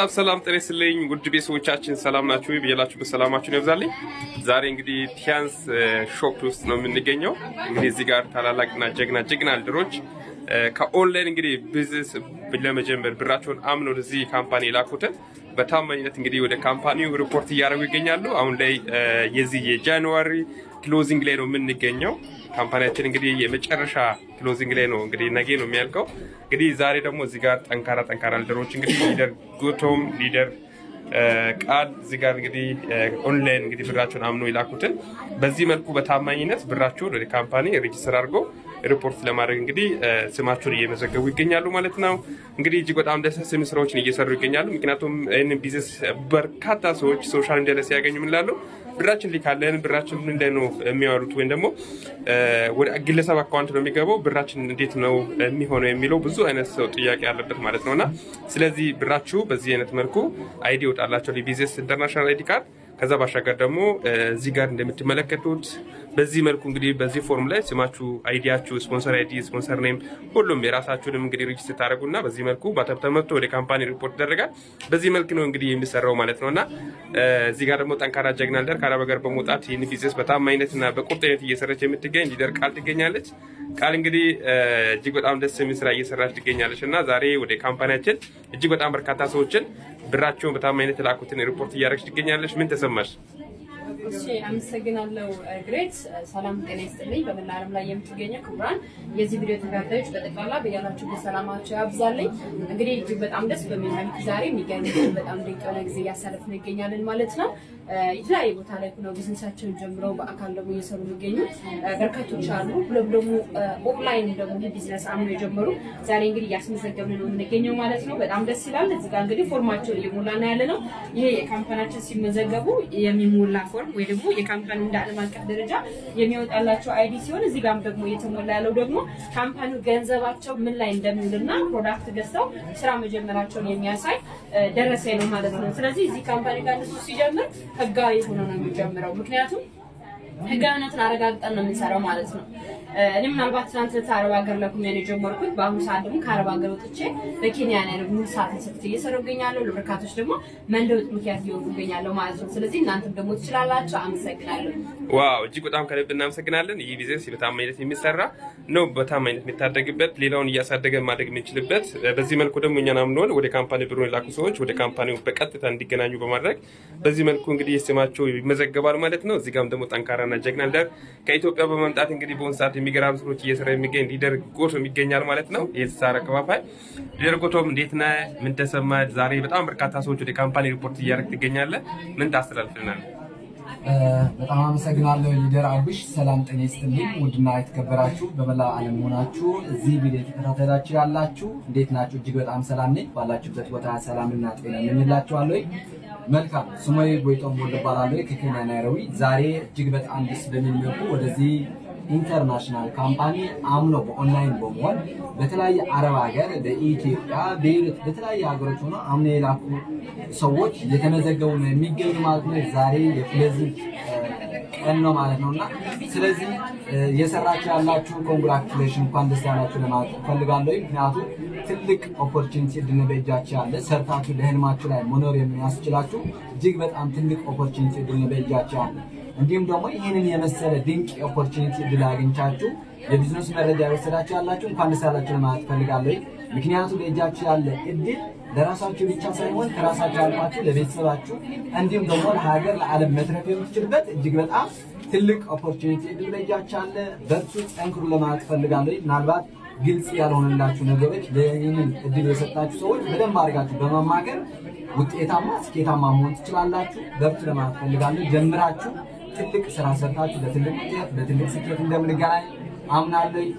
ሰላም ሰላም፣ ጤና ይስጥልኝ ውድ ቤተሰቦቻችን ሰላም ናችሁ? ብያላችሁበት ሰላማችሁን ይብዛልኝ። ዛሬ እንግዲህ ቲያንስ ሾፕ ውስጥ ነው የምንገኘው። እንግዲህ እዚህ ጋር ታላላቅና ጀግና ጀግና አልደሮች ከኦንላይን እንግዲህ ቢዝነስ ለመጀመር ብራቸውን አምነው ወደዚህ ካምፓኒ የላኩትን በታማኝነት እንግዲህ ወደ ካምፓኒው ሪፖርት እያደረጉ ይገኛሉ። አሁን ላይ የዚህ የጃንዋሪ ክሎዚንግ ላይ ነው የምንገኘው። ካምፓኒያችን እንግዲህ የመጨረሻ ክሎዚንግ ላይ ነው እንግዲህ ነገ ነው የሚያልቀው። እንግዲህ ዛሬ ደግሞ እዚህ ጋር ጠንካራ ጠንካራ ሊደሮች እንግዲህ ሊደር ጎቶም ሊደር ቃል እዚህ ጋር እንግዲህ ኦንላይን እንግዲህ ብራቸውን አምኖ የላኩትን በዚህ መልኩ በታማኝነት ብራቸውን ወደ ካምፓኒ ሬጅስተር አድርገው ሪፖርት ለማድረግ እንግዲህ ስማቸውን እየመዘገቡ ይገኛሉ ማለት ነው። እንግዲህ እጅግ በጣም ደስ የሚል ስራዎችን እየሰሩ ይገኛሉ። ምክንያቱም ይህን ቢዝነስ በርካታ ሰዎች ሶሻል ሚዲያ ላይ ሲያገኙ ምንላሉ ብራችን ሊካለን ብራችን ምን ላይ ነው የሚያወሩት? ወይም ደግሞ ወደ ግለሰብ አካውንት ነው የሚገባው ብራችን እንዴት ነው የሚሆነው የሚለው ብዙ አይነት ሰው ጥያቄ አለበት ማለት ነው እና ስለዚህ ብራችሁ በዚህ አይነት መልኩ አይዲ ይወጣላቸው ቢዝነስ ኢንተርናሽናል አይዲ ካርድ ከዛ ባሻገር ደግሞ እዚህ ጋር እንደምትመለከቱት በዚህ መልኩ እንግዲህ በዚህ ፎርም ላይ ስማችሁ፣ አይዲያችሁ፣ ስፖንሰር አይዲ፣ ስፖንሰር ኔም ሁሉም የራሳችሁንም እንግዲህ ሬጅስትር ታደረጉና በዚህ መልኩ ተመርቶ ወደ ካምፓኒ ሪፖርት ይደረጋል። በዚህ መልክ ነው እንግዲህ የሚሰራው ማለት ነው እና እዚህ ጋር ደግሞ ጠንካራ ጀግና ሊደር ከአረብ ሀገር በመውጣት ይህን ቢዝነስ በታማኝነትና በቁርጠኝነት እየሰራች የምትገኝ ሊደር ቃል ትገኛለች። ቃል እንግዲህ እጅግ በጣም ደስ የሚል ስራ እየሰራች ትገኛለች እና ዛሬ ወደ ካምፓኒያችን እጅግ በጣም በርካታ ሰዎችን ብራቸውን በታማኝነት ላኩትን ሪፖርት እያደረግሽ ትገኛለች። ምን ተሰማሽ? እሺ አመሰግናለሁ ግሬት። ሰላም ጤና ይስጥልኝ። በመላ ዓለም ላይ የምትገኙ ክቡራን የዚህ ቪዲዮ ተከታታዮች በጠቅላላ በያላችሁበት ሰላማችሁ ያብዛልኝ። እንግዲህ እጅግ በጣም ደስ በሚል ዛሬ የሚገኝ በጣም ድንቅ የሆነ ጊዜ እያሳለፍን እንገኛለን ማለት ነው። የተለያየ ቦታ ላይ ሆነው ቢዝነሳቸውን ጀምረው በአካል ደግሞ እየሰሩ የሚገኙ በርካቶች አሉ። ሁሉም ደግሞ ኦፍላይን ደግሞ ቢዝነስ አምኖ የጀመሩ ዛሬ እንግዲህ እያስመዘገብን ነው የምንገኘው ማለት ነው። በጣም ደስ ይላል። እዚህ ጋር እንግዲህ ፎርማቸውን እየሞላ ነው ያለ ነው። ይሄ የካምፓናችን ሲመዘገቡ የሚሞላ ፎርም ወይ ደግሞ የካምፓኒ እንደ ዓለም አቀፍ ደረጃ የሚወጣላቸው አይዲ ሲሆን እዚህ ጋም ደግሞ እየተሞላ ያለው ደግሞ ካምፓኒ ገንዘባቸው ምን ላይ እንደሚውልና ፕሮዳክት ገዝተው ስራ መጀመራቸውን የሚያሳይ ደረሰኝ ነው ማለት ነው። ስለዚህ እዚህ ካምፓኒ ጋር ንሱ ሲጀምር ህጋዊ ሆኖ ነው የሚጀምረው ምክንያቱም ህጋዊነትን አረጋግጠን ነው የምንሰራው ማለት ነው። እኔ ምናልባት ትናንት ከአረብ ሀገር ለኩም ያን የጀመርኩት በአሁኑ ሰዓት ደግሞ ከአረብ ሀገር ወጥቼ በኬንያ ሰዓት እየሰራሁ እገኛለሁ። ለበርካቶች ደግሞ መለወጥ ምክንያት እገኛለሁ ማለት ነው። ስለዚህ እናንተም ደግሞ አመሰግናለሁ። ዋው እጅግ በጣም ከልብ እናመሰግናለን። ይህ ቢዝነስ በታማኝነት የሚሰራ ነው፣ በታማኝነት የሚታደግበት፣ ሌላውን እያሳደገ ማደግ የምንችልበት። በዚህ መልኩ ደግሞ እኛን አምነውን ወደ ካምፓኒ ብሩን የላኩ ሰዎች ወደ በቀጥታ እንዲገናኙ በማድረግ በዚህ መልኩ እንግዲህ የስማቸው ይመዘገባል ማለት ነው። እዚህ ጋም ደግሞ ጠንካራ እና ጀግና ሊደር ከኢትዮጵያ በመምጣት እንግዲህ በሆን ሰዓት የሚገራም ስሮች እየሰራ የሚገኝ ሊደር ጎቶም ይገኛል ማለት ነው። የተሳራ ከፋፋይ ሊደር ጎቶም እንዴት ነ ምን ተሰማ? ዛሬ በጣም በርካታ ሰዎች ወደ ካምፓኒ ሪፖርት እያደረግ ትገኛለ ምን ታስተላልፍልናል? በጣም አመሰግናለሁ ሊደር አብሽ። ሰላም ጤና ይስጥልኝ። ውድና የተከበራችሁ በመላው ዓለም ሆናችሁ እዚህ ቪዲዮ የተከታተላችሁ ያላችሁ እንዴት ናችሁ? እጅግ በጣም ሰላም ነኝ። ባላችሁበት ቦታ ሰላምና ጤና እንላችኋለሁ። መልካም ስሙይ ጎይቶም ወልድ እባላለሁ ከኬንያ ናይሮቢ። ዛሬ እጅግ በጣም ደስ በሚል መልኩ ወደዚህ ኢንተርናሽናል ካምፓኒ አምኖ በኦንላይን በመሆን በተለያየ አረብ ሀገር፣ በኢትዮጵያ፣ በሌሎች በተለያየ ሀገሮች ሆኖ አምኖ የላኩ ሰዎች የተመዘገቡ ነው የሚገኙ ማለት ነው። ዛሬ የፕሌዝንት ቀን ነው ማለት ነው እና ስለዚህ የሰራችሁ ያላችሁ ኮንግራቹሌሽን እንኳን ደስ ያላችሁ ለማለት እፈልጋለሁ። ምክንያቱም ትልቅ ኦፖርቹኒቲ እድል በእጃችሁ ያለ ሰርታችሁ ለህልማችሁ ላይ መኖር የሚያስችላችሁ እጅግ በጣም ትልቅ ኦፖርቹኒቲ እድል በእጃችሁ ያለ እንዲሁም ደግሞ ይህንን የመሰለ ድንቅ ኦፖርቹኒቲ እድል አግኝቻችሁ የቢዝነስ መረጃ የወሰዳችሁ ያላችሁ እንኳን ደስ ያላችሁ ለማለት እፈልጋለሁ። ምክንያቱም በእጃችሁ ያለ እድል ለራሳችሁ ብቻ ሳይሆን ከራሳችሁ አልፋችሁ ለቤተሰባችሁ እንዲሁም ደግሞ ለሀገር ለዓለም መትረፍ የምትችልበት እጅግ በጣም ትልቅ ኦፖርቹኒቲ እድል አለ። በርቱ፣ ጠንክሩ ለማለት ፈልጋለሁ። ምናልባት ግልጽ ያልሆነላችሁ ነገሮች ለይህንን እድል የሰጣችሁ ሰዎች በደንብ አድርጋችሁ በመማገር ውጤታማ ስኬታማ መሆን ትችላላችሁ። በርቱ ለማለት ፈልጋለሁ። ጀምራችሁ ትልቅ ስራ ሰርታችሁ ለትልቅ ውጤት ለትልቅ ስኬት እንደምንገናኝ አምናለሁ።